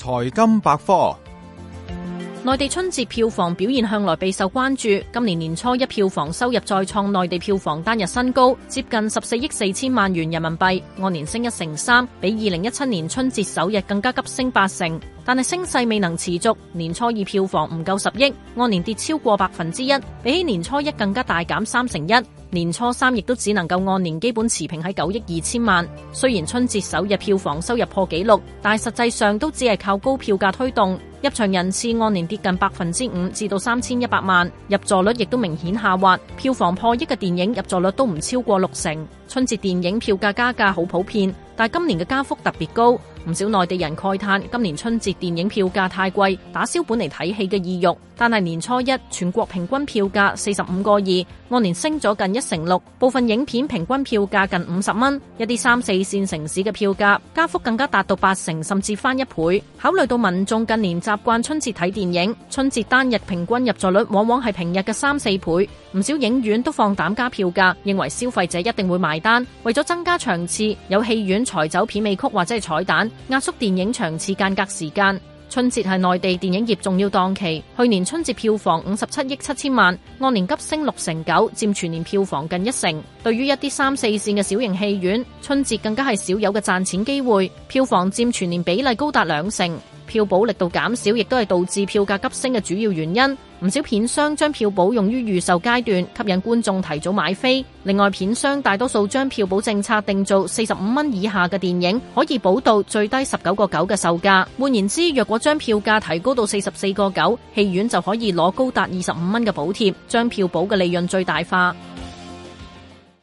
財金百科，內地春節票房表現向來備受關注。今年年初一票房收入再創內地票房單日新高，接近十四億四千萬元人民幣，按年升一成三，比二零一七年春節首日更加急升八成。但係升勢未能持續，年初二票房唔夠十億，按年跌超過百分之一，比起年初一更加大減三成一。年初三亦都只能夠按年基本持平喺九億二千萬，雖然春節首日票房收入破紀錄，但係實際上都只係靠高票價推動。入場人次按年跌近百分之五，至到三千一百萬，入座率亦都明顯下滑。票房破億嘅電影入座率都唔超過六成。春節電影票價加價好普遍，但係今年嘅加幅特別高。唔少內地人慨嘆今年春節電影票價太貴，打消本嚟睇戲嘅意欲。但係年初一全國平均票價四十五個二，按年升咗近一成六。部分影片平均票價近五十蚊，一啲三四線城市嘅票價加幅更加達到八成，甚至翻一倍。考慮到民眾近年，習慣春節睇電影，春節單日平均入座率往往係平日嘅三四倍，唔少影院都放膽加票價，認為消費者一定會埋單。為咗增加場次，有戲院裁走片尾曲或者係彩蛋，壓縮電影場次間隔時間。春節係內地電影業重要檔期，去年春節票房五十七億七千萬，按年急升六成九，佔全年票房近一成。對於一啲三四線嘅小型戲院，春節更加係少有嘅賺錢機會，票房佔全年比例高達兩成。票補力度減少，亦都係導致票價急升嘅主要原因。唔少片商將票補用於預售階段，吸引觀眾提早買飛。另外，片商大多數將票補政策定做四十五蚊以下嘅電影，可以補到最低十九個九嘅售價。換言之，若果將票價提高到四十四個九，戲院就可以攞高達二十五蚊嘅補貼，將票補嘅利潤最大化。